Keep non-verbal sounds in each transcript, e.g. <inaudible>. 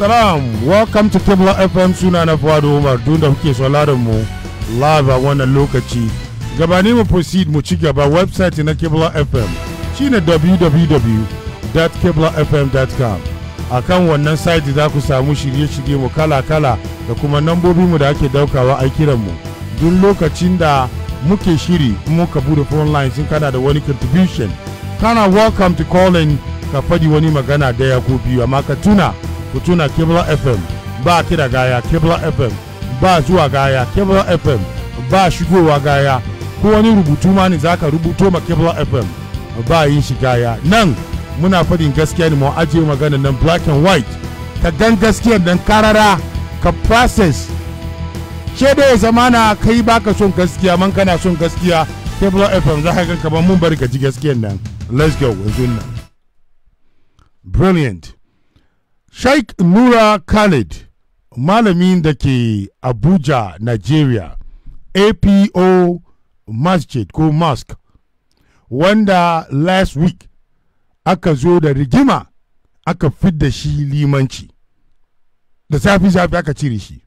Salam, welcome to Kibla FM suna na Fuadu Umar duk da kuke sauraron mu live a wannan lokaci. Gabani mu proceed mu ci gaba website na Kibla FM shine www.kiblafm.com. A kan wannan site za ku samu shirye-shirye mu kala-kala da kuma nambobi mu da ake daukawa a kiran mu. Duk lokacin da muke shiri muka bude phone lines in kana da wani contribution. Kana welcome to calling ka faɗi wani magana daya ko biyu amma ka tuna ku tuna kibla fm ba kira gaya kibla fm ba zuwa gaya kibla fm ba shigowa gaya ko wani rubutu ma ne za ka rubuto ma kibla fm ba yin shi gaya nan muna faɗin gaskiya ne mu ajiye magana nan black and white ka gan gaskiya nan karara ka process ke da ya zamana kai baka son gaskiya man kana son gaskiya kibla fm za ka gan kamar mun bari ka ji gaskiyar nan let's go yanzu nan brilliant Sheikh Nura Khalid, malamin da ke Abuja, Nigeria, APO Masjid ko Mosque, wanda last week aka zo da rigima aka fidda shi limanci, da safi-safi aka cire shi,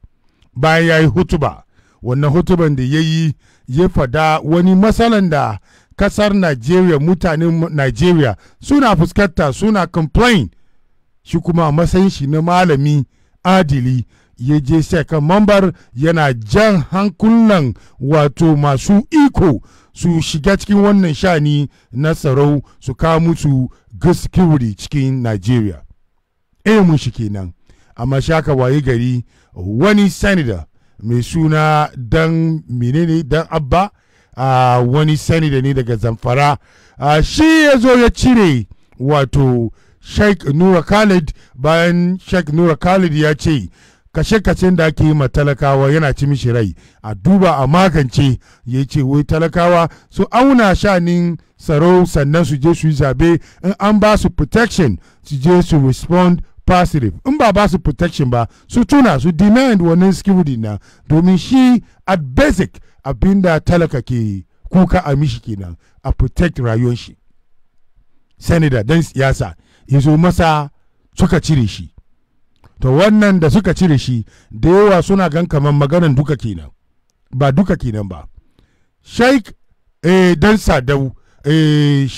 bayan ya yi hutuba, wannan hutuban da ya yi ya fada wani matsalan da kasar Nigeria, mutanen Nigeria suna fuskanta suna complain. shi kuma a matsayin shi na malami adili ya je sai kan mambar yana jan hankulan wato masu iko su shiga cikin wannan shani na tsaro su kawo musu gaskiwuri cikin nigeria E eh, mun shi kenan, amma shaka waye gari wani senator mai suna dan menene dan abba a wani senator ne daga zamfara shi ya zo ya cire wato sheikh nura khalid bayan sheikh nura khalid ya ce kashe-kashen da ake yi ma talakawa yana ci mishi rai a duba a magance ya ce wai talakawa su auna shanin tsaro sannan su je su yi zabe in an ba su protection su je su respond positive in ba ba su protection ba su tuna su demand wannan security na domin shi at basic abinda talaka ke kuka a mishi kenan a protect rayuwar shi senator dan siyasa ya zo masa suka cire shi to wannan da suka cire shi da yawa suna gan kamar maganan duka kenan ba duka kenan ba sheik eh, dan sadau eh,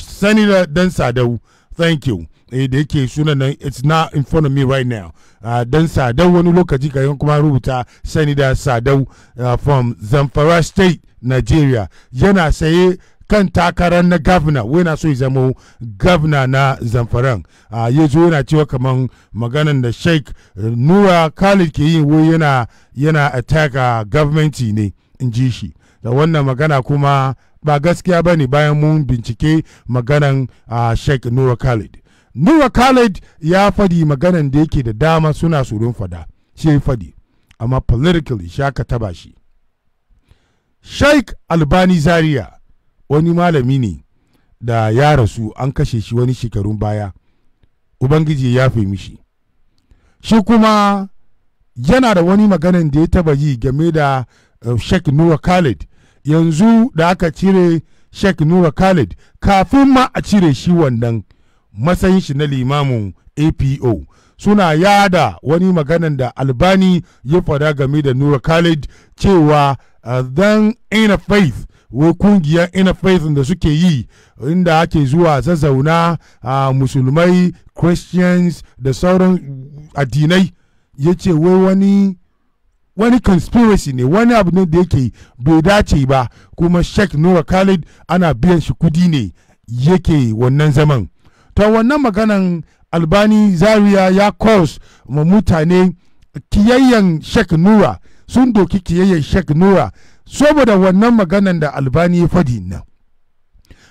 dan sadau thank you eh, da yake sunan nan it's not in front of me right now ah, dan sadau wani lokaci ka kuma rubuta sanida sadau ah, from zamfara state nigeria yana saye kan takarar na gavna yana so ya zama gavna na zamfaran a uh, yanzu yana cewa kamar maganan da sheikh eh, nura khalid ke yi wai yana yana attack a ah, gavmenti ne in ji shi da wannan magana kuma ba gaskiya ba ne bayan mun bincike maganan a ah, sheikh nura khalid nura khalid ya fadi maganan da yake da dama suna surun fada shi ya fadi amma politically shaka taba shi sheikh albani zaria wani malami ne da ya rasu an kashe shi wani shekarun baya ubangiji ya fi mishi shi kuma yana da wani maganan da ya taba yi game da eh, sheikh nura khalid yanzu da aka cire sheikh nura khalid kafin ma a cire shi wannan matsayin shi na limamin apo suna yada wani maganan da albani ya fada game da nura khalid cewa uh, then in faith wai kungiyar interfaith da suke yi inda ake zuwa zazzauna a musulmai christians da sauran addinai ya ce wai wani wani conspiracy ne wani abu ne da yake bai dace ba kuma sheikh nura khalid ana biyan shi kudi ne yake wannan zaman ta wannan maganan albani zaria ya kors ma mutane kiyayyen sheikh nura sun doki kiyayyen sheikh nura saboda wannan maganan da albani ya fadi nan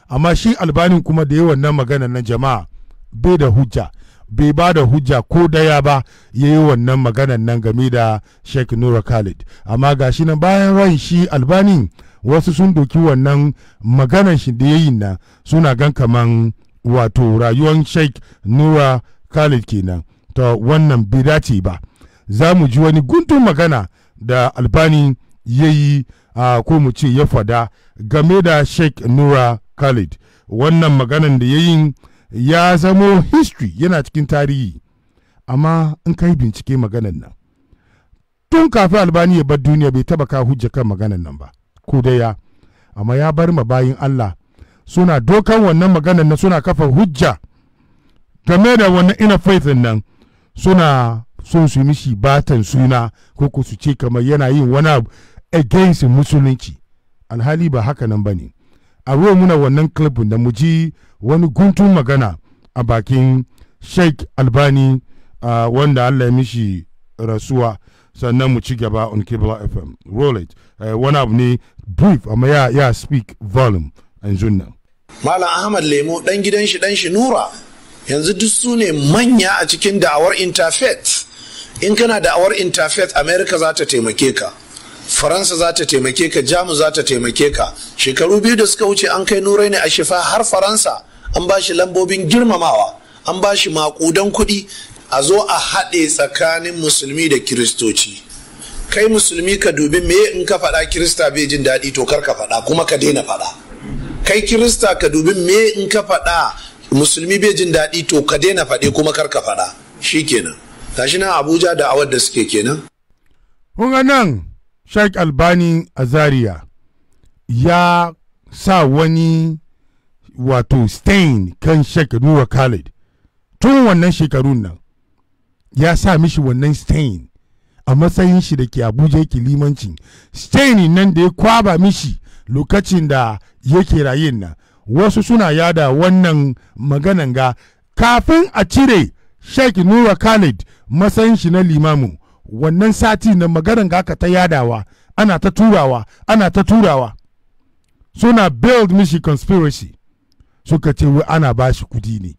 amma shi albanin kuma da ya wannan maganan nan jama'a bai da hujja bai ba da hujja ko daya ba ya yi wannan maganan nan game da sheikh nura khalid amma ga shi nan bayan ran shi albanin wasu sun doki wannan maganan shi da ya yi nan suna gan kaman wato rayuwar sheikh nura khalid kenan ta wannan bai dace ba za mu ji wani guntun magana da albani ya yi uh, ko mu ce ya fada game da sheikh nura khalid wannan maganan da ya yi ya zamo history yana cikin tarihi amma in ka bincike maganan nan tun kafin albani ya bar duniya bai taba ka hujja kan maganan nan ba ko da ya amma ya bar ma bayin allah suna dokan wannan maganan nan suna kafa hujja game da wannan ina faith nan suna son su mishi batan suna ko ko su ce kamar yana yin wani abu against musulunci alhali ba haka nan ba ne a muna wannan clip da mu ji wani guntun magana a bakin sheikh albani uh, wanda allah ya mishi rasuwa sannan mu ci gaba on kibla fm roll it uh, wani abu ne brief amma ya, ya speak volume yanzu nan malam ahmad lemo dan gidan shi dan shi nura yanzu duk su ne manya a cikin da'awar interfaith in kana da'awar interfaith america za ta taimake ka faransa za ta taimake ka jamus za ta taimake ka shekaru biyu da suka wuce an kai nurai ne a shifa har faransa an ba shi lambobin girmamawa an ba shi makudan kudi a zo a haɗe tsakanin musulmi da kiristoci kai musulmi ka dubi me in ka faɗa kirista bai jin daɗi to kar ka faɗa kuma ka daina faɗa kai kirista ka dubi me in ka faɗa musulmi bai jin daɗi to ka daina faɗe kuma kar ka faɗa shikenan tashi nan abuja da awar da suke kenan kun nan sheikh albani azaria ya sa wani wato stain kan sheikh nura khalid tun wannan shekarun nan ya sa mishi wannan stain a matsayin shi da ke abuja yake limancin stain nan da ya kwaba mishi lokacin da yake rayin nan wasu suna yada wannan maganan ga kafin a cire sheikh nura khalid matsayin shi na limamin wannan sati na maganar aka ta yadawa ana ta turawa ana ta turawa suna build mishi conspiracy suka ce wai ana ba shi kudi ne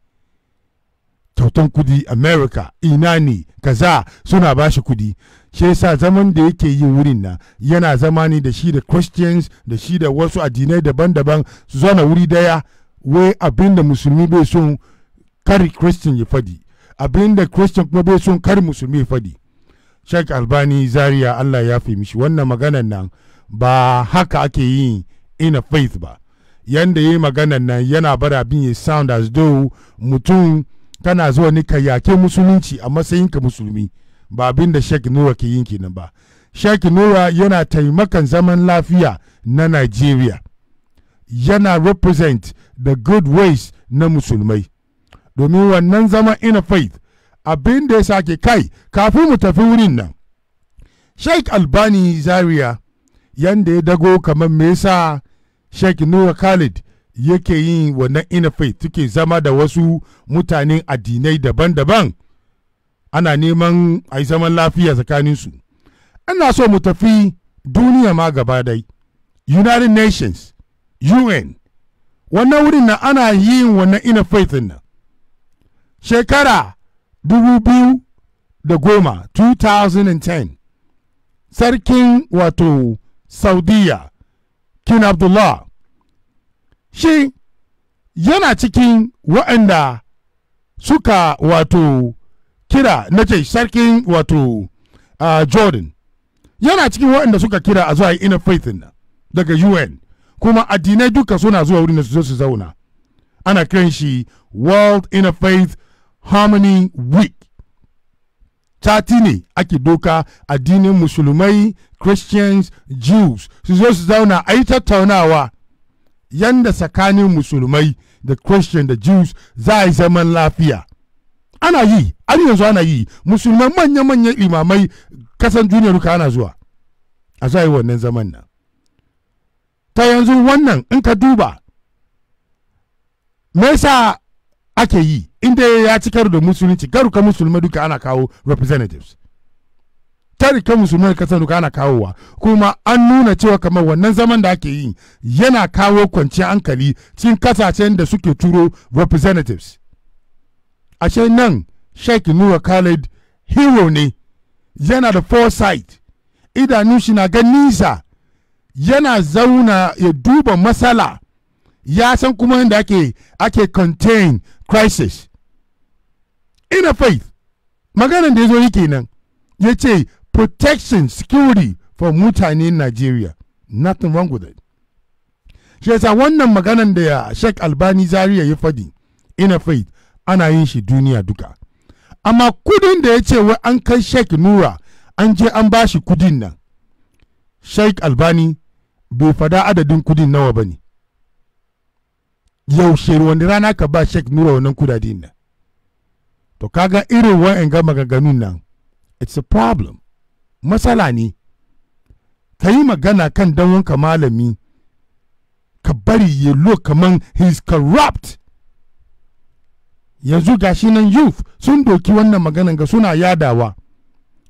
kyautan kudi america ina ne kaza suna ba shi kudi shi yasa zaman da yake yi wurin na yana zama ne da shi da christians da shi da wasu addinai daban-daban su zo na wuri daya wai abin da musulmi bai son kari christian ya fadi abin da christian kuma bai son kari musulmi ya fadi Sheikh Albani Zaria Allah ya fi mishi wannan maganan nan ba haka ake yi in a faith ba yanda yi maganan nan yana bara bin ya sound as though mutum kana zuwa ni ka yake musulunci a matsayin ka musulmi ba abin da Sheikh Nura ke yin kenan ba Sheikh Nura yana taimakan zaman lafiya na Nigeria yana represent the good ways na musulmai domin wannan zaman in a faith abin da ya sake kai kafin mu tafi wurin nan sheik albani zaria yanda ya dago kamar me yasa sheik nura khalid yake yin wannan faith suke zama da wasu mutanen addinai daban-daban ana neman a zaman lafiya tsakaninsu ina so mu tafi duniya ma gaba dai united nations un wannan wurin na ana yin wannan faith nan shekara 2010 sarkin wato saudiya king abdullah shi yana cikin waɗanda suka wato kira na ce sarkin wato uh, jordan yana cikin waɗanda suka kira a zuwa ina faith na daga un kuma addinai duka suna zuwa wurin su su zauna ana kiran shi world inner faith Harmony Week. Sati ne ake doka addinin musulmai, Christians, Jews su zo su zauna a yi tattaunawa yanda tsakanin musulmai da Christian da Jews za a yi zaman lafiya. Ana yi, an yanzu ana yi, musulman manya-manyan imamai kasan duniya duka ana zuwa. A za a yi wannan zaman nan. Ta yanzu wannan in ka duba, me ake yi inda ya ci karo da musulunci garuka musulmai duka ana kawo representatives tarika musulmai kasar duka ana kawowa kuma an nuna cewa kamar wannan zaman da ake yi yana kawo kwanciyar hankali cikin kasashen da suke turo representatives ashe nan sheikh nura khalid hero ne yana da foresight idanu shi na gan nisa yana zauna ya duba matsala ya san kuma inda ake ake contain crisis inner faith maganan da ya zo yake nan ya ce protection security for mutane nigeria nothing wrong with it shi yasa wannan maganan da ya sheik albani zaria ya fadi inner faith ana yin shi duniya duka amma kudin da ya ce wai an kai sheik nura an je an ba shi kudin nan sheik albani bai fada adadin kudin nawa ba ne yaushe wani rana ka ba shek nura wannan kudaden nan to kaga irin wa'in ga maganganun nan it's a problem matsala ne ka yi magana kan ka malami ka bari ya look kaman he's corrupt yanzu gashi nan youth sun doki wannan maganan ga suna yadawa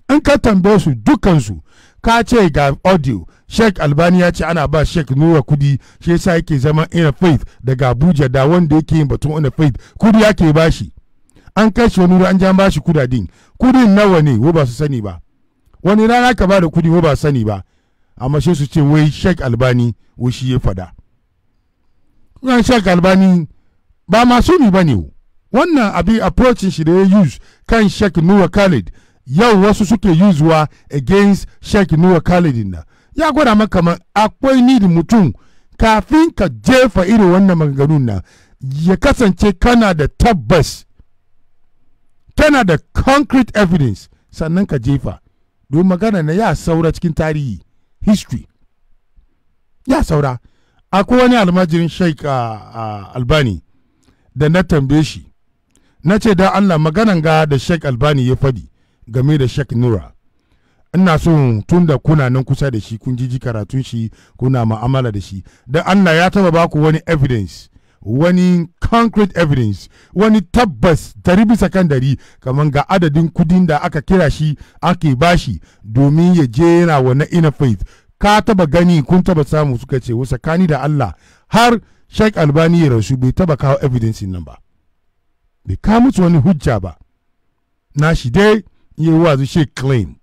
in ka tambaye su dukansu ka ce ga audio sheikh albani ya ce ana ba sheikh nura kudi shi yasa yake zama ina faith daga abuja da wanda yake yin batun ina faith kudi yake ba shi an kai shi wani an jan ba shi kudadin kudin nawa ne wo ba su sani ba wani rana ka ba da kudi wo ba su sani ba amma sai su ce wai sheikh albani wo shi ya fada kukan sheikh albani ba masu ni ba ne wannan abin approaching shi da ya use kan sheikh nura khalid yau wasu suke yuzuwa against sheikh nuwa khalidin na ya gwada maka ma akwai need mutum kafin ka jefa irin wannan maganganun na ya kasance kana da tabbas kana da concrete evidence sannan ka jefa don magana na ya saura cikin tarihi history ya saura akwai wani almajirin sheik ah, ah, albani da na tambaye shi na ce da allah maganan ga da sheik albani ya fadi game da Sheikh Nura. Ina so tun da kuna nan kusa da shi kun jiji karatun shi kuna ma'amala da shi. Dan Allah ya taba baku wani evidence, wani concrete evidence, wani tabbas dari bisa kan dari kamar ga adadin kudin da aka kira shi ake bashi domin ya je yana wa na inner faith. Ka taba gani kun taba samu suka ce wasa kani da Allah har Sheikh Albani ya rasu bai taba kawo evidence nan ba. Bai kawo musu wani hujja ba. Na shi dai yi wazu she claim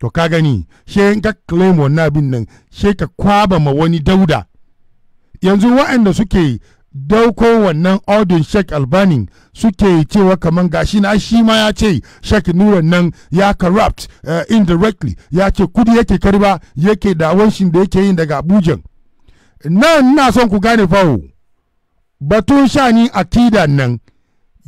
to ka gani she in ka claim wannan abin nan she ka kwaba ma wani dauda yanzu waɗanda suke dauko wannan audin sheik albani suke cewa kamar gashi na shi ma ya ce sheikh nuran nan ya corrupt uh, indirectly ya ce kudi yake karba yake da wanshin da yake yin daga abuja nan na son ku gane fawo batun shani akida nan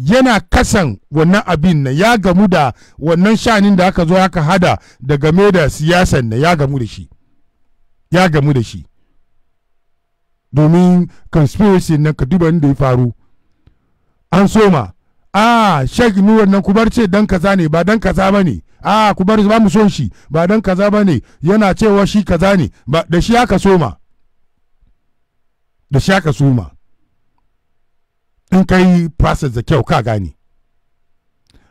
yana kasan wannan abin na ya gamu da wannan shanin da aka zo aka hada da game da siyasan na ya gamu da shi ya gamu da shi domin conspiracy na ka duba da ya faru an soma a shek nuwar wannan kubar ce dan kaza ne ba dan kaza ba ne a kubar ba mu son shi ba dan kaza ba ne yana cewa shi kaza ne da shi aka soma da shi aka soma in ka yi process da kyau ka gane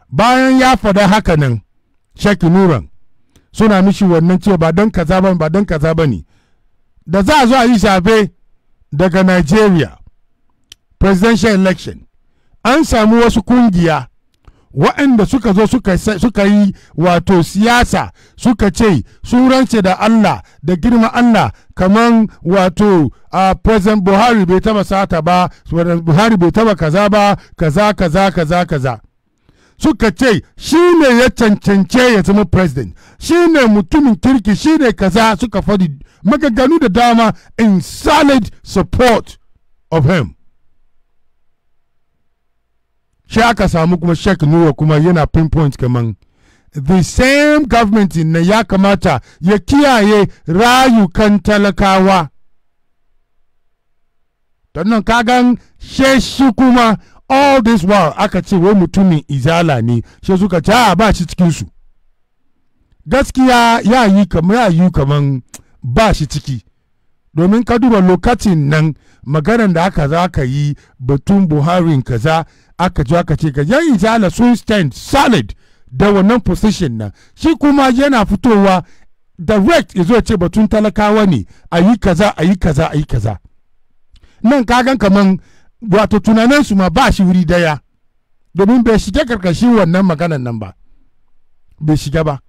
bayan ya faɗa haka nan shaki nuran suna mishi wannan cewa ba don kaza ba ba don kaza ba ne da za a zo a yi shafe daga nigeria presidential election an samu wasu kungiya waɗanda suka zo suka yi wato siyasa suka ce surance da Allah da girma Allah kaman wato a president Buhari bai taba sata ba Buhari bai taba kaza ba kaza kaza kaza kaza suka ce shi ne ya cancance ya zama president shi ne mutumin kirki shi ne kaza suka faɗi magaganu da dama in solid support of him shi aka samu kuma shek nuwa kuma yana pinpoint kaman the same government na ya kamata ya kiyaye rayukan talakawa nan kagan shi kuma all this while aka ce wai mutumin izala ne shi suka ce ah, ba shi cikinsu gaskiya ya yi kamar ya yi kaman ba shi ciki domin ka duba lokacin nan maganar da aka za ka yi batun buharin kaza aka ji aka ce ka yan ijala sun stand solid da wannan position nan shi kuma yana fitowa direct ya zo ce batun talakawa ne a yi kaza a yi kaza a yi kaza nan kagan kaman wato tunaninsu ma ba shi wuri daya domin bai shiga karkashi wannan maganan nan ba bai shiga ba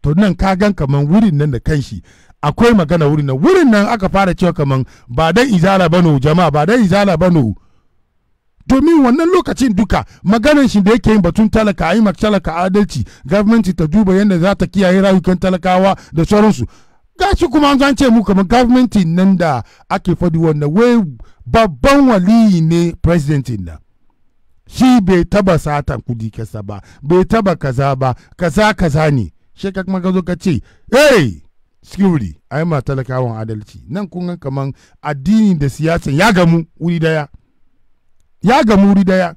to nan kagan kaman wurin nan da kanshi akwai magana wurin nan wurin nan aka fara cewa kaman ba dan izala bano jama'a ba dan izala bano domin wannan lokacin duka maganan shi da yake yin batun talaka ayi talaka adalci gwamnati ta duba yadda za ta kiyaye rayukan talakawa da sauransu gashi kuma an ce mu kamar gwamnati nan da ake faɗi wannan wai babban waliyi ne president nan shi bai taba sata kudi kasa ba bai taba kaza ba kaza kaza ne shi kuma ka zo hey security a ma talakawan adalci nan kun kaman addini da siyasa ya gamu wuri daya ya gamu wuri daya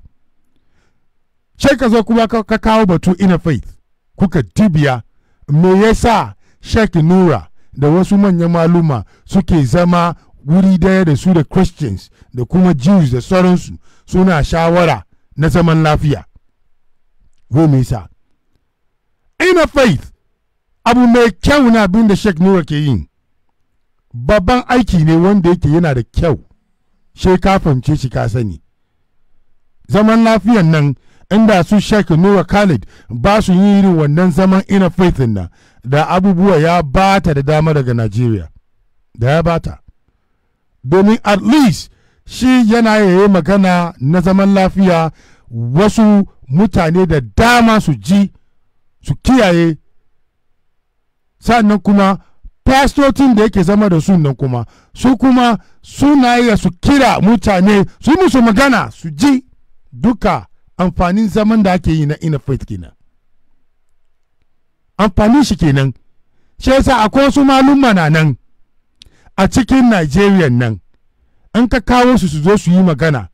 sai ka zo kuma ka kawo batu ina faith kuka dibiya me yasa sheikh nura da wasu manyan maluma suke zama wuri daya da su da christians da kuma jews da sauransu suna shawara na zaman lafiya ko me yasa ina faith abu mai kyau na abin da sheikh nura ke yi babban aiki ne wanda yake yana da kyau shi ka fahimce shi ka sani zaman lafiyan nan inda su sheikh nura khalid ba su yi irin wannan zaman ina faith na da abubuwa ya bata da dama daga najeriya da ya bata domin at least shi yana yaye magana na zaman lafiya wasu mutane da dama su ji su kiyaye sannan kuma fastotin da yake zama da sunan kuma su kuma suna iya su kira mutane su musu magana su ji duka amfanin zaman da ake yi na ina faith kenan amfanin shi kenan shi yasa akwai wasu malumma na nan a cikin nigeria nan an ka kawo su su zo su yi magana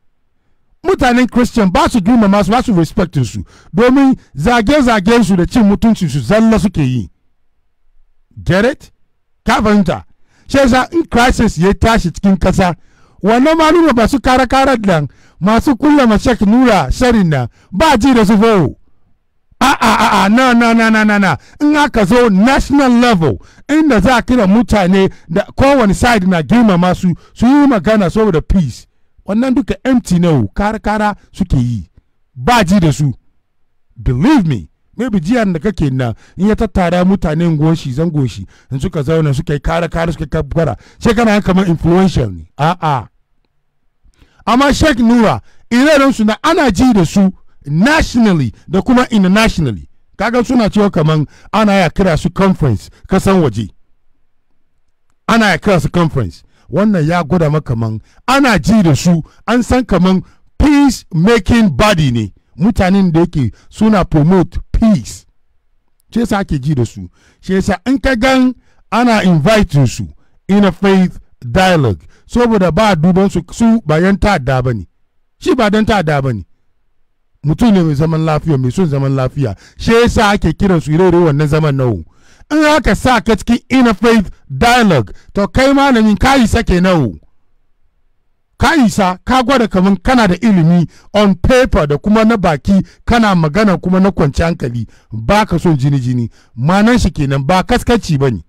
mutanen christian ba su girmama su ba su respectin su domin zage-zagen su da cin mutuncin su zalla suke yi get it shi yasa in crisis ya tashi cikin kasa wannan maluma ba su kara kara nan masu kulla mashek nura sharin nan ba ji da su fawo a a a na na na na na na in aka zo national level inda za a kira mutane da kowane side na girmama su su yi magana saboda peace wannan duka empty na kara kara suke yi ba ji da su believe me maybe jiyan da kake na in ya tattara mutanen goshi zan goshi in suka zauna suka yi kare kare suka kabbara sai kana kamar influential ne a a amma sheikh nura ire su na ana ji da su nationally da kuma internationally kaga suna cewa kaman ana ya kira su conference kasan waje ana ya kira su conference wannan ya gwada maka man ana ji da su an san kaman peace making body ne mutanen da yake suna promote peace shi yasa ake ji da su shi yasa in ka gan ana invite su in a faith dialogue saboda ba duban su su yan ta'adda ba ne shi ba don ta'adda ba ne mutum ne mai zaman lafiya mai son zaman lafiya shi yasa ake kiran su ire wannan zaman nawo in haka sa ka cikin in a faith dialogue to kai malamin kayi sake nawo ka isa ka gwada kamar kana da ilimi on paper da kuma na baki kana magana kuma na kwanci hankali ba ka son jini jini manan shi kenan ba kaskaci ba ne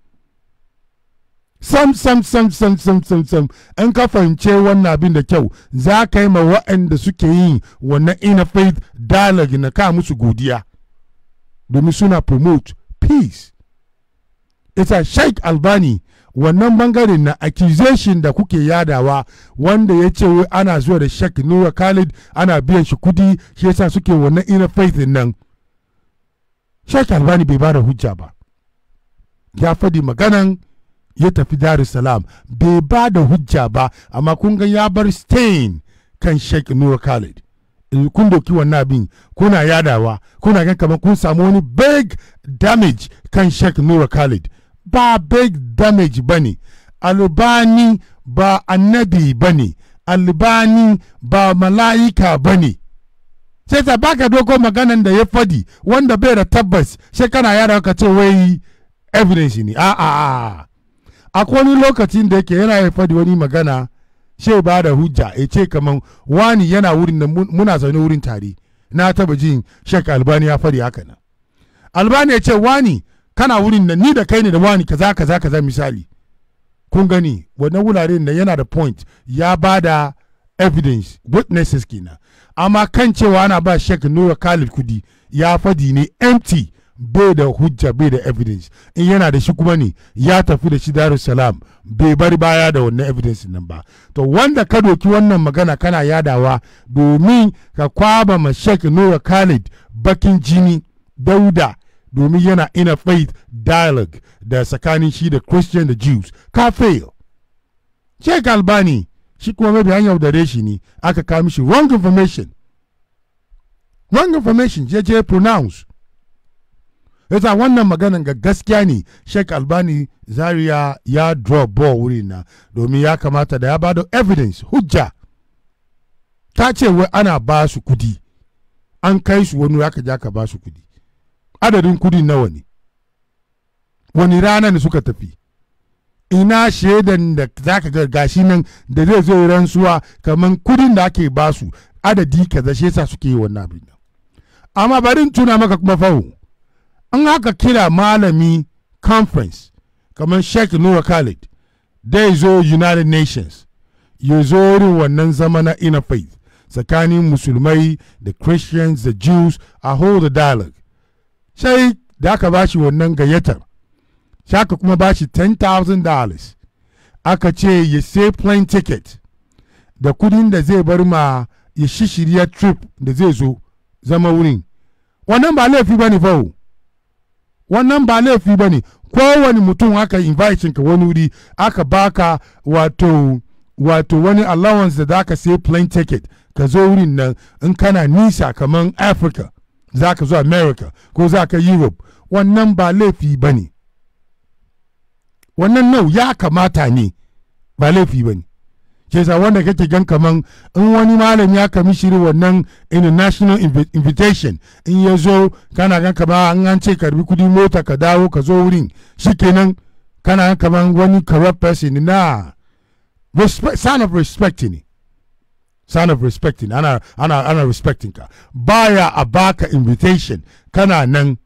sam sam sam sam sam sam sam in ka fahimce wannan abin da kyau za ka yi ma waɗanda suke yin wannan ina faith dialogue na ka musu godiya domin suna promote peace ita sheikh albani wannan bangaren na accusation da kuke yadawa wanda ya ce wai ana zuwa da shek nura khalid ana biyan shi kudi shi yasa suke wannan ina faith nan shek albani bai ba da hujja ba ya faɗi maganan ya tafi darussalam bai ba da hujja ba amma kun ga ya bar stain kan sheikh nura khalid kun doki wannan abin kuna yadawa kuna gan kamar kun samu wani big damage kan sheikh nura khalid ba big damage ba ne albani ba annabi ba ne albani ba mala'ika ba ne sai ta baka doko maganan da ya fadi wanda bai da tabbas sai kana yara ka ce wai evidence ne a'a a akwai wani lokacin da yake yana ya fadi wani magana sai ba da hujja ya ce kaman wani yana wurin da muna zaune wurin tare na taba jin shek albani ya fadi haka nan albani ya ce wani kana wurin nan ni da kai ne da wani kaza kaza kaza misali kun gani wannan wurare ne yana da point ya ba da evidence witnesses kina amma kan cewa ana ba shek nura khalid kudi ya fadi ne empty bai da hujja bai da evidence in yana da shi kuma ne ya tafi da shi darussalam bai bar baya da wannan evidence nan ba to wanda ka doki wannan magana kana yadawa domin ka kwaba ma shek nura khalid bakin jini dauda domin yana in a faith dialogue da tsakanin shi da christian da jews ka fail sheik albani shi kuma mabi an yaudare shi ne aka kawo mishi wrong information wrong information je je pronounce yasa wannan maganan ga gaskiya ne sheik albani zaria ya drop ball wuri na domin ya kamata da ya bada evidence hujja ta ce wai ana ba su kudi an kai su wani aka ja ka ba su kudi adadin kudi nawa ne wani rana ne suka tafi ina shaidan da za ka ga gashi nan da zai zo rantsuwa kamar kudin da ake ba su adadi kaza shi yasa suke yi wannan abin nan amma bari in tuna maka kuma fahu an haka kira malami conference kamar sheikh nura khalid dai zo united nations ya zo irin wannan zama na inner faith tsakanin musulmai da christians da jews a hold the dialogue sai da aka ba shi wannan gayyatar sai aka kuma ba shi $10,000 aka ce ya sai plane ticket da kudin da zai bar ma ya shirya trip da zai zo zama wurin wannan ba laifi ba ne fawo wannan ba laifi ba ne kowane mutum aka invite ka wani wuri aka baka wato wato wani allowance da za ka sai plane ticket ka zo wurin nan in kana nisa kamar africa za ka zo america ko za ka europe wannan ba laifi ba ne wannan nau ya kamata ne ba laifi ba ne ke sa wanda kake gan kaman in wani malam ya kami shiri wannan international invitation in ya zo kana gan kama an an ce karbi kudi mota ka dawo ka zo wurin shikenan kana gan kaman wani corrupt person na sign of respect ne sign of respecting ana ana ana respecting ka baya a baka invitation kana nan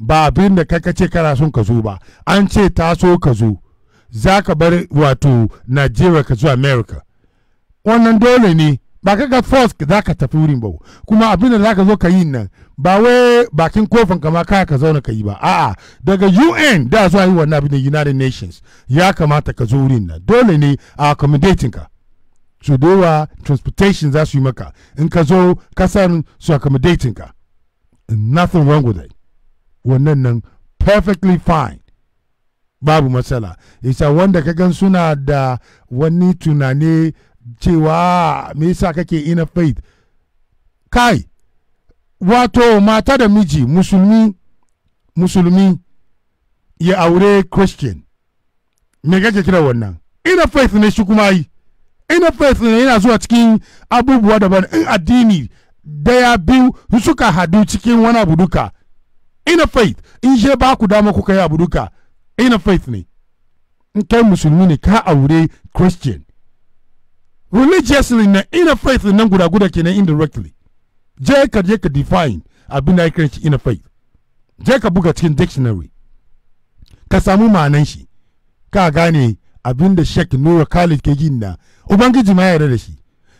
ba abin da kai ce kana son ka zo ba an ce ta so ka zo za ka bar wato Najeriya ka zuwa America wannan dole ne ba ka ga force za ka tafi wurin ba kuma abin da za ka zo ka yi nan ba wai bakin kofin kama kaya ka zauna ka yi ba a'a daga UN da zuwa yi wannan abin da United Nations ya kamata ka zo wurin nan dole ne a accommodating ka so transportation za su yi maka in ka zo kasar su accommodating ka nothing wrong with it wannan nan perfectly fine babu matsala isa wanda ka gan suna da wani tunani cewa ah, me yasa kake ina faith kai wato mata da miji musulmi musulmi ya aure christian me kake kira wannan ina faith ne shi kuma yi interfaith ne yana zuwa cikin abubuwa daban in addini daya biyu suka hadu cikin wani abu duka faith in je ba ku dama kuka yi abu duka faith ne in kai musulmi ne ka aure christian religiously na faith nan guda guda kenan indirectly je ka je ka define abin da ya shi faith. je ka buga cikin dictionary ka samu ma'anan shi ka gane abin da Sheikh Nura Khalid ke yin na Ubangiji ma yarda da shi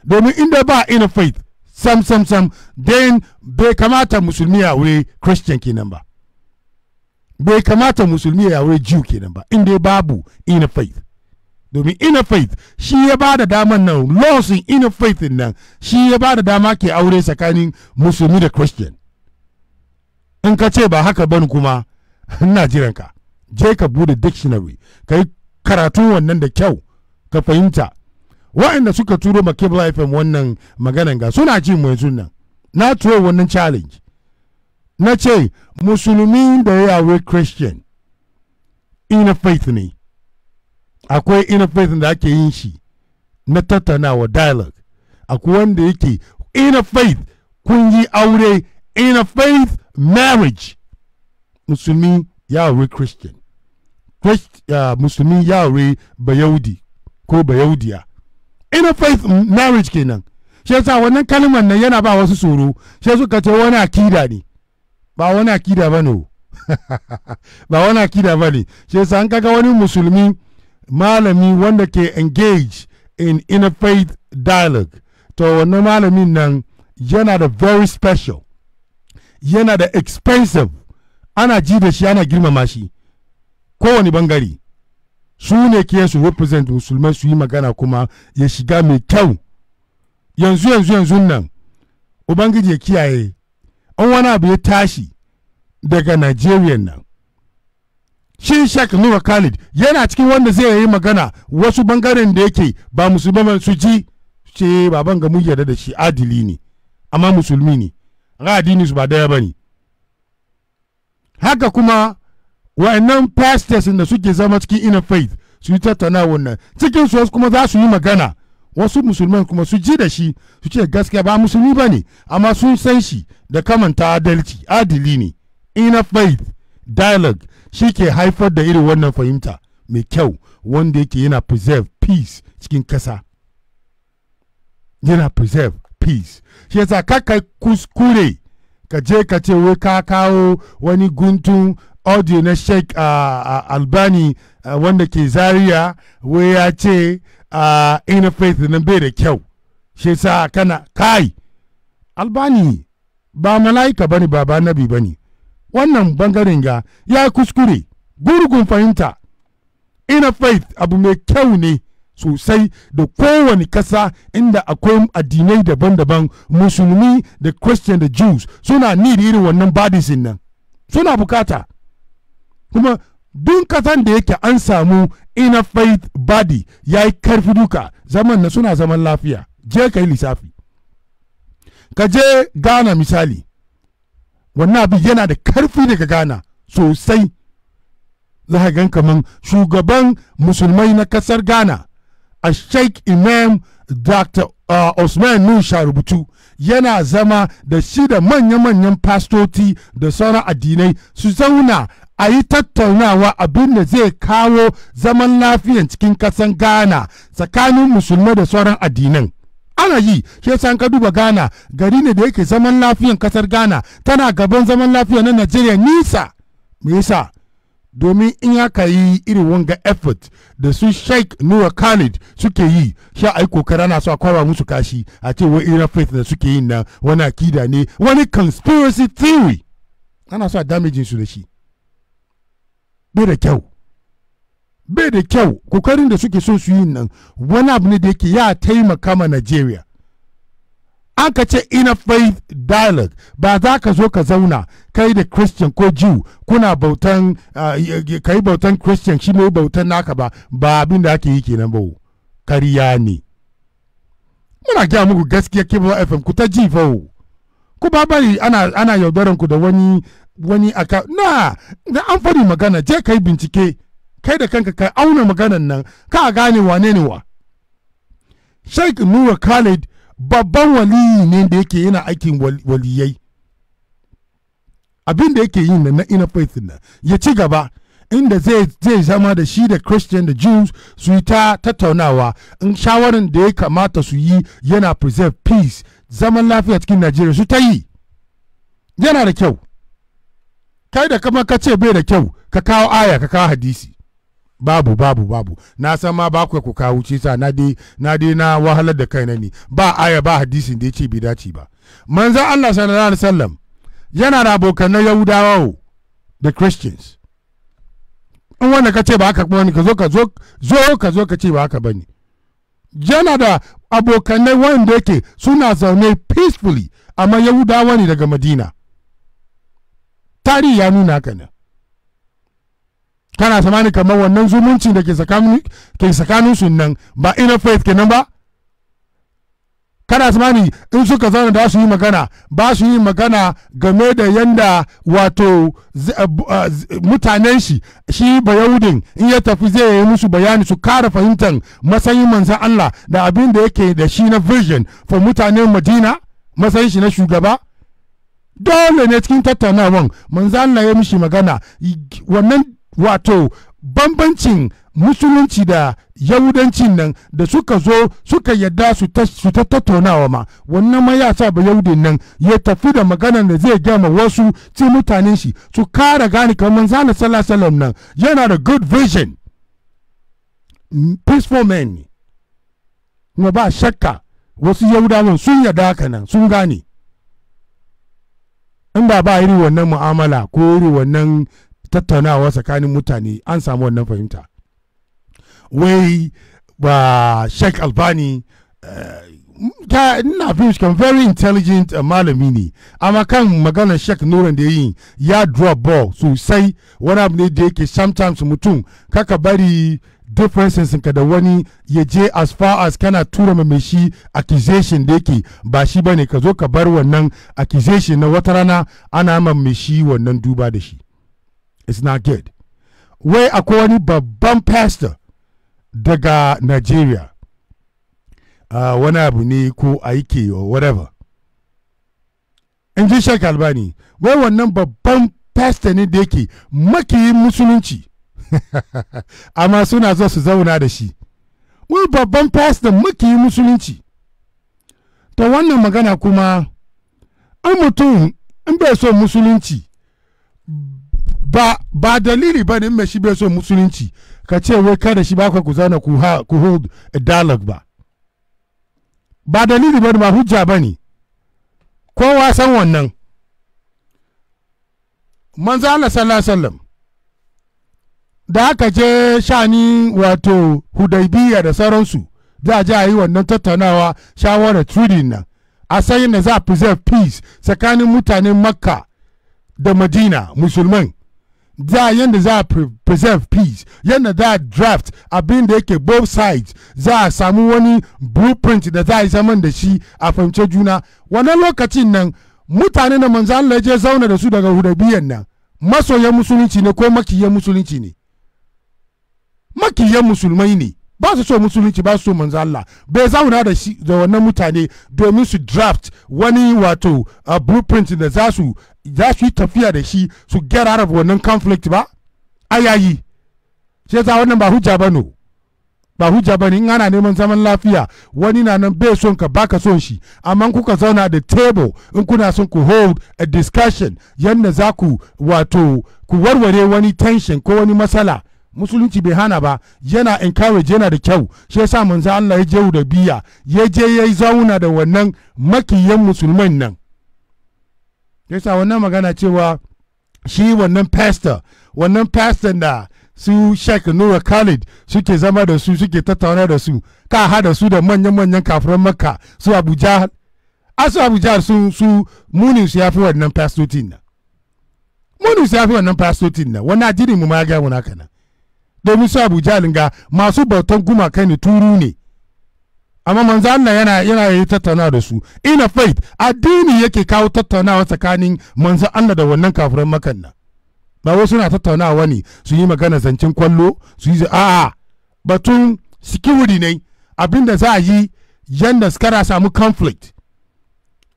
domin inda ba ina faith sam sam sam then bai kamata musulmi ya wuri Christian kenan ba bai kamata musulmi ya wuri Jew kenan ba inda babu ina faith domin ina faith shi ya ba da dama nan laws in ina faith nan shi ya ba da dama ke aure tsakanin musulmi da Christian in ka ce ba haka ni kuma <laughs> ina jiranka je ka bude dictionary ka yi karatun wannan da kyau ka fahimta wa'anda suka turo ma kibla fm wannan maganan ga suna ji mai sunan na turo wannan challenge na ce musulmi da ya yawo christian ina faith ne akwai ina faith da ake yin shi na tattaunawa dialogue akwai wanda yake ina faith kun yi aure ina faith marriage musulmi ya yawo christian Uh, musulmi ya aure bayaudi ko bayaudiya ina faith marriage kenan shi yasa wannan kalmar nan yana ba wasu tsoro shi suka ce wani akida ne ba wani akida ba ne <laughs> ba wani akida ba ne shi yasa an kaga wani musulmi malami wanda ke engage in inner faith dialogue to wannan malamin nan yana da very special yana da expensive ana ji da shi ana girmama shi kowane bangare su ne ke su represent musulmai su yi magana kuma ya shiga mai kyau yanzu yanzu yanzu nan ubangiji ya kiyaye an wani abu ya tashi daga nigerian nan shi shek nura khalid yana cikin wanda zai yi magana wasu bangaren da yake ba musulman su ji ce eh, baban ga mu yarda da shi adili ne amma musulmi ne ra'adini su ba daya ba ne haka kuma wa'annan pastors da suke zama cikin inner faith su yi tattauna wannan cikin su kuma za su yi magana wasu musulman kuma su ji da shi su ce gaskiya ba musulmi ba ne amma sun san shi da kamanta adalci adili ne inner faith dialogue shi ke haifar da irin wannan fahimta mai kyau wanda yake yana preserve peace cikin kasa yana preserve peace shi yasa kakai kuskure ka je ka ce wai ka kawo wani guntun audio na sheikh uh, uh, albani uh, wanda ke zaria wai ya ce uh, interfaith na bai da kyau shi sa kana kai albani ba mala'ika ne ba ba nabi bane wannan bangaren ga ya kuskure gurgun fahimta interfaith abu mai kyau ne sosai da kowane kasa inda akwai addinai daban-daban musulmi da christian da jews suna ni irin wannan badisin nan suna bukata kuma duk kasan da yake an samu ina faith body ya yi karfi duka zaman na suna zaman lafiya je ka yi lissafi ka je ghana misali wannan abin yana da karfi daga ghana sosai za ka gan kaman shugaban musulmai na kasar ghana a sheikh imam dr uh, osman nusha rubutu yana zama da shida da manya-manyan fastoti da sauran addinai su zauna a yi tattaunawa abin da zai kawo zaman lafiyan cikin kasan ghana tsakanin musulmai da sauran addinan ana yi shi yasa ka duba ghana gari ne da yake zaman lafiyan kasar ghana tana gaban zaman lafiya na najeriya nisa me yasa domin in aka yi irin wanga effort da su sheikh nura khalid suke yi sha a yi kokari ana so a kwara musu kashi a ce wani irin faith da suke yin na wani akida ne wani conspiracy theory ana so a damaging su da shi bai da kyau bai da kyau kokarin da suke so su yi nan wani abu ne da yake ya taimaka ma Najeriya an ka ce ina faith dialogue ba za ka zo ka zauna kai da christian ko jew kuna bautan ah, ka yi bautan christian shi ne bautan naka ba ba abin da ake yi kenan ba kariya ne muna gaya muku gaskiya kibla fm ku ta ji fa ku ba bari ana yaudaran ku da wani wani aka na da an fari magana je kai bincike kai da kanka kai auna maganan nan ka gane wane ne wa sheikh nura khalid babban waliyi ne da yake yana aikin waliyai abin da yake yi na ina faith na ya ci gaba inda zai zama da shi da christian da jews su yi ta tattaunawa in shawarin da ya kamata su yi yana preserve peace zaman lafiya cikin najeriya su ta yi yana da kyau kai da kama ka ce bai da kyau ka kawo aya ka kawo hadisi babu babu babu na san ma ba ku kawo wuce sa na dai na dai na wahalar da kaina ne ba aya ba hadisin da ya ce bai dace ba manzon Allah sallallahu alaihi wasallam yana da abokan na Yahudawa da Christians in wanda ka ce ba haka bane ka zo ka zo zo ka zo ka ce ba haka bane yana da na wanda yake suna zaune peacefully amma Yahudawa ne daga Madina tarihi ya nuna haka ne kana tsammani kamar wannan zumunci da ke tsakanin su nan ba ina faith kenan ba kana tsammani in suka zauna da su yi magana ba su yi magana game da yanda wato eh, eh, mutanen shi shi bayaudin in ya tafi zai yi musu bayani su kara fahimtar matsayin manzan Allah da abin da yake da shi na vision for mutanen madina matsayin shi na shugaba dole ne cikin tattaunawan manzo Allah ya mishi magana wannan wato bambancin musulunci da yahudancin nan da suka zo suka yadda su ta tattaunawa ma wannan ma ya sa ba yahudin nan ya tafi da magana da zai gama wasu ci mutanen shi su kara gane kamar zana sallallahu nan yana da good vision mm, peaceful man ne ba shakka wasu yahudawan sun yadda haka nan sun gane inda ba iri wannan mu'amala ko iri wannan tattaunawa tsakanin mutane an samu wannan fahimta wai ba sheikh albani eh, ta ina kan very intelligent eh, malami ne amma kan maganar sheikh nuran da yi ya drop ball sosai wani abu ne da yake sometimes mutum kaka bari differences ka da wani ya je as far as kana tura mai shi accusation da yake ba shi bane ka zo ka bar wannan accusation na wata rana ana ma mai shi wannan duba da shi it's not good wai akwai wani babban pastor daga Nigeria uh, wani abu ne ko aiki or whatever in ji Sheikh Albani wai wannan babban pastor ne da yake makiyin musulunci <laughs> amma suna zo su zauna da shi wai babban fasdan muke yi musulunci to wannan magana kuma an mutum in bai so musulunci ba ba dalili ba ne shi bai so musulunci ka ce wai kada shi baka ku zauna ku ha ku hold a dialogue ba ba dalili ba ba hujja ba ne kowa san wannan manzo Allah sallallahu alaihi wasallam da aka je shani wato hudaibiya da sauransu za a je yi wannan tattaunawa shawarar trudin nan a san yadda za a preserve peace tsakanin mutanen makka da madina musulman za yadda za a preserve peace yadda za a draft abin da yake both sides za a samu wani blueprint da za a yi zaman da shi a fahimce juna wannan lokacin nan mutane da manzan laje zauna da su daga hudabiyan nan masoyan musulunci ne ko makiyan musulunci ne makiyan musulmai ne ba su so musulunci ba su so manzo Allah bai zauna da shi da wannan mutane domin su draft wani wato a blueprint da za su za su yi tafiya da shi su gyara rabu wannan conflict ba ayayi sai za wannan ba hujja ba no ba hujja ba ne in ana neman zaman lafiya wani na nan bai son ka baka son shi amma kuka zauna da table in kuna son ku hold a discussion yadda za ku wato ku warware wani tension ko wani matsala musulunci bai hana ba yana encourage yana da kyau shi yasa manzo Allah ya je da biya ya je ya zauna da wannan makiyan musulman nan yasa wannan magana cewa shi wannan pastor wannan pastor da su Sheikh Nura Khalid suke zama da su suke tattauna da su ka hada su da manyan manyan kafiran Makka su abuja asu Abuja su su munin su yafi wannan din nan munin su yafi wannan pastor din nan wannan addinin mu ma ga mu na kana domin su abuja linga masu bautan gumaka ne turu ne amma manzo Allah yana yana yi tattauna da su ina faith addini yake kawo tattaunawa tsakanin manzo Allah da wannan kafiran makan nan ba wasu na tattaunawa ne su yi magana zancen kwallo su yi a'a batun security ne abinda za a yi yanda skara samu conflict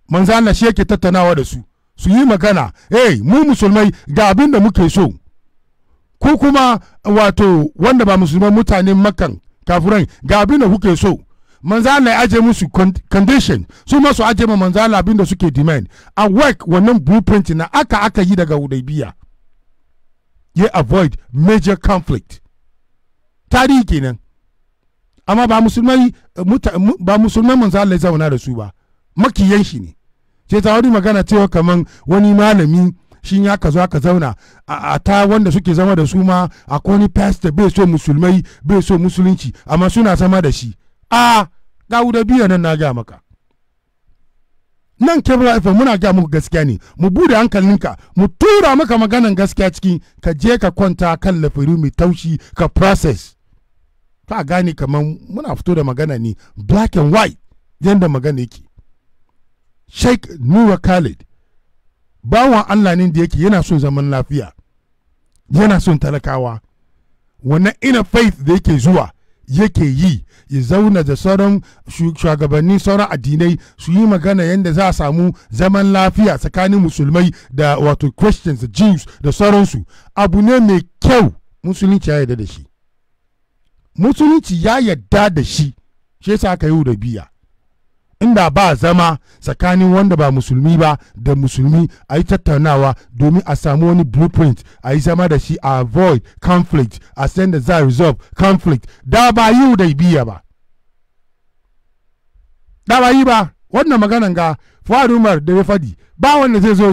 manzo Allah shi yake tattaunawa da su su yi magana eh mu musulmai ga abinda muke so ku kuma wato wanda ba musulman mutanen makan kafiran ga abinda kuke so manza na aje musu condition su ma su aje ma manza abin da suke demand a work wannan blueprint na aka aka yi daga hudaibiya ya avoid major conflict tarihi kenan amma ba musulmai ba manza Allah ya zauna da su ba makiyan shi ne ce ta wani magana cewa kaman wani malami shi ya ka zo aka zauna a ta wanda suke zama da su ma a wani pastor bai so musulmai bai so musulunci amma suna zama da shi a ga da biya nan na gaya maka nan kebra ifa muna gaya muku gaskiya ne mu bude hankalinka mu tura maka maganan gaskiya cikin ka je ka kwanta kan lafiri mai taushi ka process ka gane kamar muna fito da magana ne black and white yadda magana yake sheikh nura khalid bawan Allah ne da yake yana son zaman lafiya yana son talakawa wanne ina faith da yake zuwa yake yi ya zauna da sauran shugabanni sauran addinai su yi magana yadda za a samu zaman lafiya tsakanin musulmai da wato christians da jews da sauransu abu ne mai kyau musulunci ya yarda da shi musulunci ya yarda da shi shi yasa aka yi da biya inda ba zama tsakanin wanda ba musulmi ba da musulmi a yi tattaunawa domin a samu wani blueprint a yi zama da shi a avoid conflict a san da za resolve conflict da ba yi da biya ba da ba yi ba wannan maganan ga fuhari umar da ya fadi ba wanda zai zo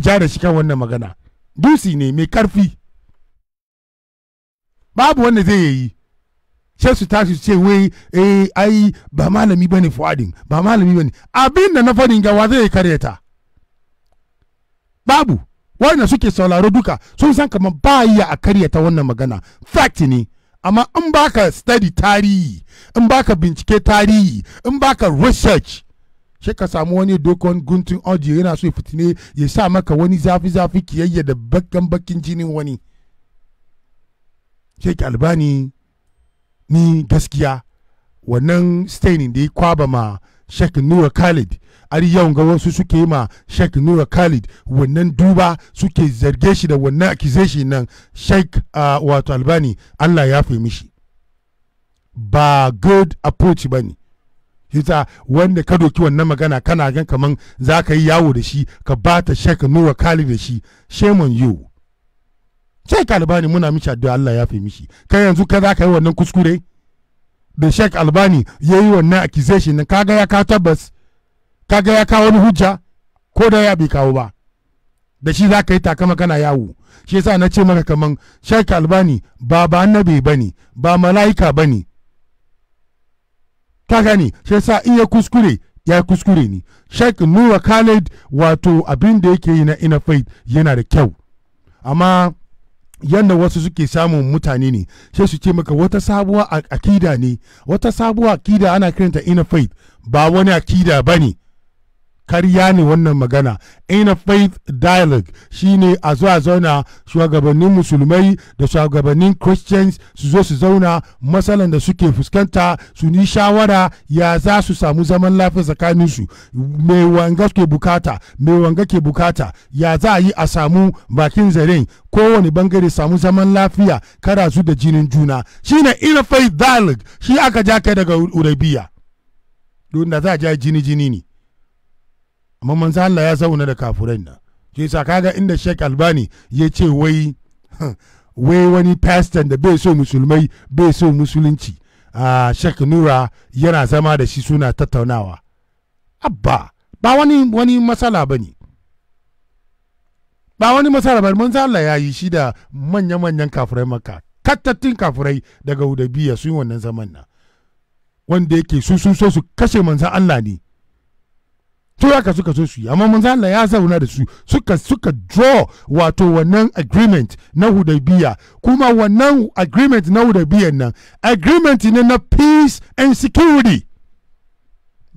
ja da shi kan wannan magana dusi ne mai karfi babu wanda zai yi sai su tashi su ce wai eh ai ba malami bane fuadin ba malami bane abin da na fadin gawa zai karyata babu wanda suke sauraro duka sun san kamar ba iya a ta wannan magana fact ne amma in baka study tarihi in baka bincike tarihi in baka research sai ka samu wani dokon guntun audio yana so fitine ya sa maka wani zafi-zafi kiyayya da bakan bakin jinin wani shek albani ni gaskiya wannan staining da ya kwaba ma Sheikh Nura Khalid har yau ga wasu suke ma Sheikh Nura Khalid wannan duba suke zarge shi da wannan accusation nan Sheikh uh, wato Albani Allah ya fi mishi ba good approach ba ne hita wanda ka doki wannan magana kana gan kaman za ka yi yawo da shi ka ba ta Sheikh Nura Khalid da shi shame on you Sheikh Albani muna mishi addu'a Allah ya fi mishi kai yanzu ka za ka yi wannan kuskure da Sheikh Albani ya yi wannan accusation nan kaga ya ka tabbas kaga ya kawo wani hujja ko da ya bai kawo ba da shi za ka yi takama kana yawo shi yasa na ce maka kaman Sheikh Albani ba ba annabi bane ba mala'ika bane ka gani shi yasa in ya kuskure ya kuskure ne Sheikh Nura Khalid wato abin da yake yi na ina faith yana da kyau amma yadda wasu suke samun mutane ne sai su ce maka wata sabuwa akida ne wata sabuwa akida ana kiranta ina faith ba wani akida ba ne karya ne wannan magana in a faith dialogue shine a zo a zauna shugabannin musulmai da shugabannin christians su zo su zauna matsalan da suke fuskanta su ni shawara ya za su samu zaman lafiya tsakanin su mai wanga ke bukata mai wanga ke bukata ya za a yi a samu bakin zaren kowane bangare samu zaman lafiya kara su da jinin juna shine in a faith dialogue shi aka ja kai daga urabiya don da za a ja jini jini ne amma manzo Allah ya zauna da kafurai na shi yasa kaga inda Sheikh Albani ya ce wai wai wani pastor da bai so musulmai bai so musulunci a ah, Sheikh Nura yana zama da shi suna tattaunawa abba ba wani wani masala bane ba wani masala ba manzo Allah ya yi shi da manya-manyan kafurai maka kattattun kafurai daga Hudabiya sun wannan zaman nan wanda yake su sun so su kashe manzan Allah ne turaka suka so su yi amma manzo Allah ya zauna da su suka suka draw wato wannan agreement na hudaybiya kuma wannan agreement na hudaybiyan nan agreement ne na peace and security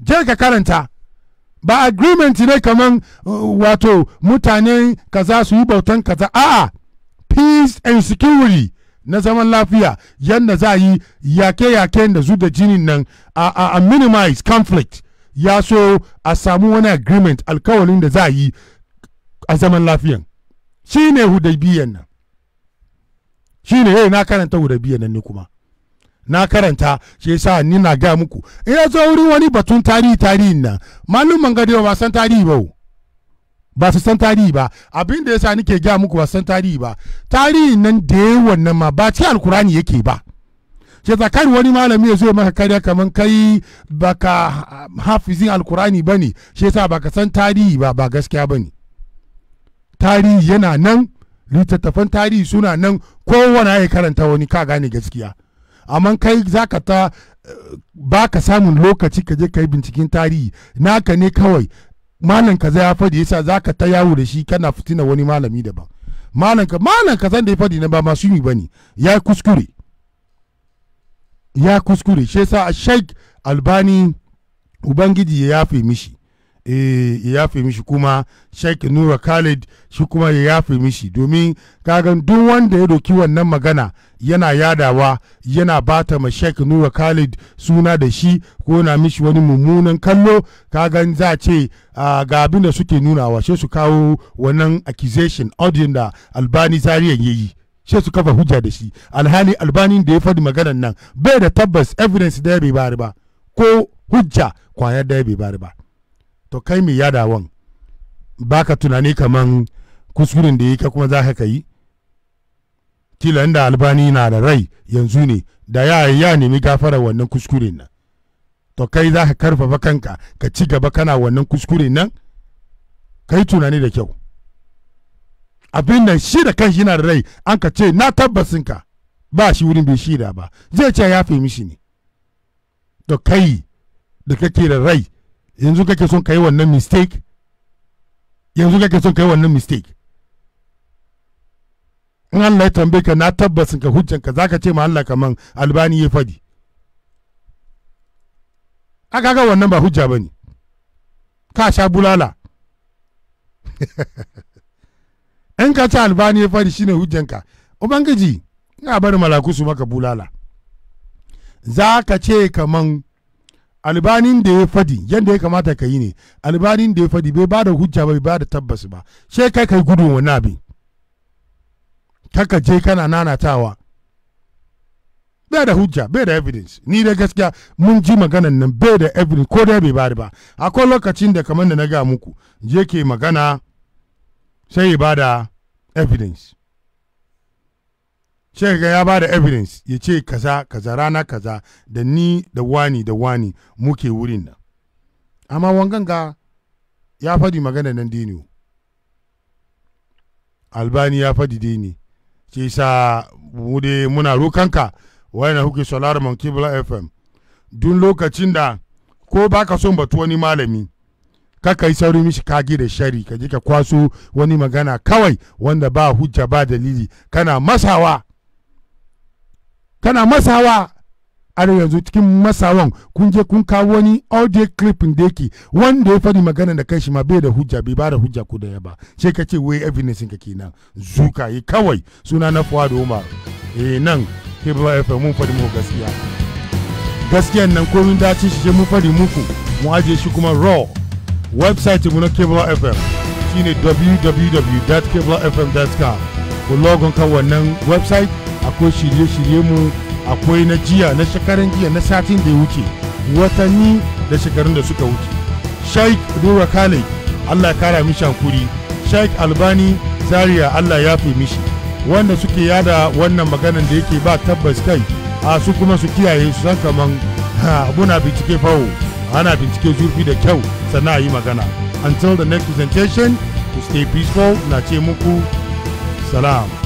je ka karanta ba agreement ne kaman uh, wato mutane kaza su yi bautan kaza a peace and security na zaman lafiya yadda za a yi yake yake da zu da jinin nan a, a, a conflict ya so a samu wani agreement alkawalin da za a yi a zaman lafiyan shi ne biyan nan shi ne yau eh, na karanta biyan nan ne kuma na karanta shi yasa ni na ga muku in ya zo wurin wani batun tarihi tarihin nan malumman gado ba san tarihi ba ba su san tarihi ba abin da yasa nike ga muku ba san tarihi ba tarihin nan da yawan nan ma ba ce alkurani yake ba shi kan wani malami ya zo maka karya kamar kai baka hafizin alkurani ba ne shi yasa baka san tarihi ba ba gaskiya ne tarihi yana nan littattafan tarihi suna nan kowane ya karanta wani ka gane gaskiya amma kai za ka ta ba ka samun lokaci ka je ka yi binciken tarihi naka ne kawai malam kaza ya faɗi yasa ka ta yawo da shi kana fitina wani malami daban malam ka malam da ya fadi na ba masu yi ne ya kuskure ya kuskure shi yasa sheikh albani ubangiji ya yafe mishi eh, ya yafe mishi kuma sheikh nura khalid shi kuma ya yafe mishi domin kagan duk wanda ya doki wannan magana yana yadawa yana bata ma sheikh nura khalid suna da shi ko na mishi wani mummunan kallo kagan za a ce ga abin da suke nuna wa su kawo wannan accusation audio da albani zariyan yayi sai su kafa hujja da shi alhali albani da ya faɗi maganar nan bai da tabbas evidence da ya bai bari ba ko hujja kwayar da ya bai bari ba to kai mai ba ka tunani kaman kuskuren da ya ka kuma za ka yi kila inda albani na da rai yanzu ne da ya ya nemi gafara wannan kuskuren nan to kai za ka karfafa kanka ka ci gaba kana wannan kuskure nan kai tunani da kyau abin nan shi da kanshi yana da rai an ka ce na tabbasin ka ba shi wurin bai shi da ba zai ce ya fahimi shi ne to kai da kake da rai yanzu kake son kai wannan mistake yanzu kake son kai wannan mistake in Allah ya tambaye ka na tabbasin ka hujjan ka zaka ce ma Allah kaman albani ya fadi aka ga wannan ba hujja bane ka sha bulala <laughs> in ka ci albani ya fari shine hujjanka ubangiji ina bari malaku su maka bulala za ka ce kaman albanin da ya fadi yadda ya kamata ka yi ne albanin da ya fadi bai bada hujja bai bada tabbas ba sai kai kai gudun wani abin kaka je kana nanatawa bai da hujja bai da evidence ni da gaskiya mun ji maganan nan bai da evidence ko dai bai bari ba akwai lokacin da kamar da na ga muku je ke magana sai ya ba da evidence sai ga ya ba da evidence ya ce kaza kaza rana kaza da ni da wani da wani muke wurin nan amma wangan ga ya fadi magana nan dini albani ya fadi dini ce sa mu muna rokanka na huke solar mon kibla fm dun lokacin da ko baka son batu wani malami kaka yi sauri mishi kage da shari ka je ka kwaso wani magana kawai wanda ba hujja ba dalili kana masawa kana masawa a da yanzu cikin masawan kun je kun kawo wani audio clip da yake wanda ya faɗi magana da kanshi ma bai da hujja bai ba da hujja ko da ya ba sai ka ce wai evidence ka kenan zuka yi kawai suna na Fuad Umar eh nan ke ba FM mun faɗi mu gaskiya gaskiyan nan komin dace shi je mun faɗi muku mu aje shi kuma raw website mu na cable fm shine www.kebla.fm.com ku logon kan wannan website akwai shirye-shirye mu akwai na jiya na shekarun jiya na satin da ya wuce watanni da shekarun da suka wuce sheikh dora kale allah kara mishi hankuri sheikh albani zaria allah ya fi mishi wanda suke yada wannan maganan da yake ba tabbas kai a su kuma su kiyaye su san kaman na bincike fawo ana bincike zurfi da kyau sannan a yi magana until the next presentation to stay peaceful na ce muku salam